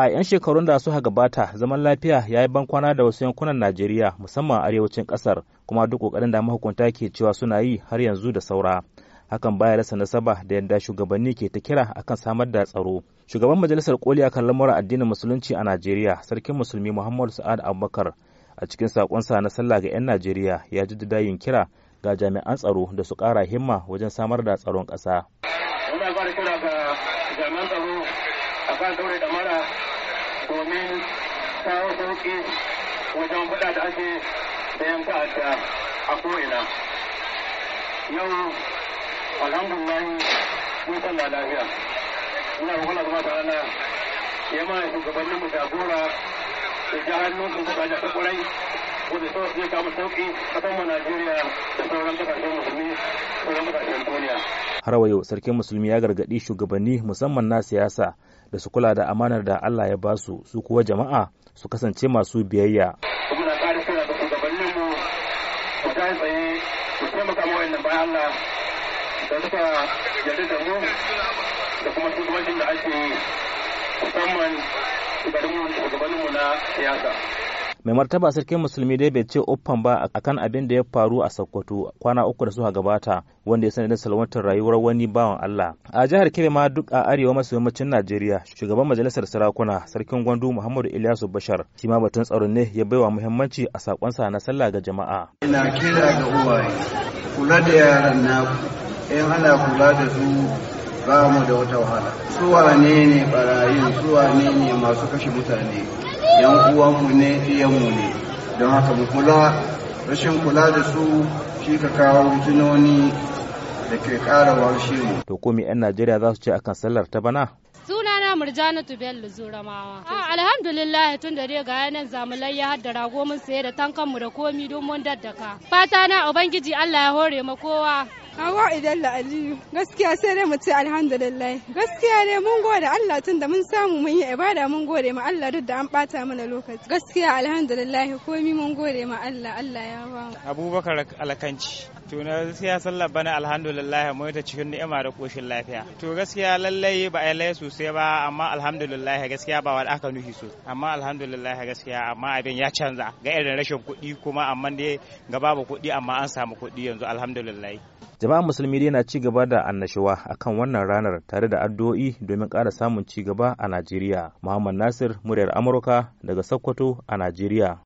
a 'yan shekarun da suka gabata zaman lafiya ya yi bankwana da wasu yankunan najeriya musamman arewacin kasar kuma duk kokarin da mahukunta ke cewa suna yi har yanzu da saura hakan baya rasa nasaba da yadda shugabanni ke ta kira akan samar da tsaro shugaban majalisar koli akan lamuran addinin musulunci a najeriya sarkin musulmi muhammadu sa'ad abubakar a cikin sa na sallah ga 'yan najeriya ya jaddada yin kira ga jami'an tsaro da su kara himma wajen samar da tsaron ƙasa. a kan daure da mara domin kawo sauki wajen faɗa da ake da ta'adda a ko'ina yau alhamdulillah mun sallah lafiya muna roƙon Allah ta rana ya mana shugabannin mu jagora da ji hannun su suka ta kwarai wanda sau zai kama sauƙi kasan mu Najeriya da sauran kasashen musulmi sauran kasashen duniya. Har wa yau sarkin musulmi ya gargaɗi shugabanni musamman na siyasa da su kula da amanar da Allah ya ba su su kuwa jama'a su kasance masu biyayya. Muna kare kira da shugabanninmu mu ta tsaye su taimaka ma bayan Allah da suka yarda da mu da kuma shugabancin da ake musamman shugabanninmu na siyasa. mai martaba sarkin musulmi dai bai ce uffan ba akan abin da ya faru a sokoto kwana uku da suka gabata wanda ya sanadin salwantar rayuwar wani bawan allah a jihar kebbi ma duk a arewa maso yammacin najeriya shugaban majalisar sarakuna sarkin gwandu muhammadu ilyasu bashar shi ma batun tsaro ne ya baiwa muhimmanci a sakonsa na sallah ga jama'a ina kira ga uwaye kula da yaran naku in ana kula da su ba mu da wata wahala su ne ne barayin su ne ne masu kashe mutane yan uwanmu ne iyanmu ne don haka mu kula rashin kula da su shi ka kawo jinoni da ke ƙara warshe mu. To ko 'yan Najeriya za su ce akan sallar ta bana? Sunana Murjanatu Bello Zuramawa. Alhamdulillah tun da dai ga yanan zamulai ya hadda rago mun saye da mu da komi don mun daddaka. Fata na Ubangiji Allah ya hore ma kowa Hawa idan Aliyu gaskiya sai dai mu ce alhamdulillah gaskiya ne mun gode Allah tun da mun samu mun yi ibada mun gode ma Allah duk da an bata mana lokaci gaskiya alhamdulillah komi mun gode ma Allah Allah ya ba mu Abubakar Alkanci to na gaskiya sallar bana alhamdulillah mu ta cikin ni'ima da koshin lafiya to gaskiya lallai ba a lai sosai ba amma alhamdulillah gaskiya ba wani aka nuhi so amma alhamdulillah gaskiya amma abin ya canza ga irin rashin kuɗi kuma amma dai ga babu kuɗi amma an samu kuɗi yanzu alhamdulillah jama'a musulmi dai na ci gaba da annashuwa akan wannan ranar tare da addu'o'i domin ƙara samun ci gaba a najeriya muhammad nasir muryar amurka daga sokoto a najeriya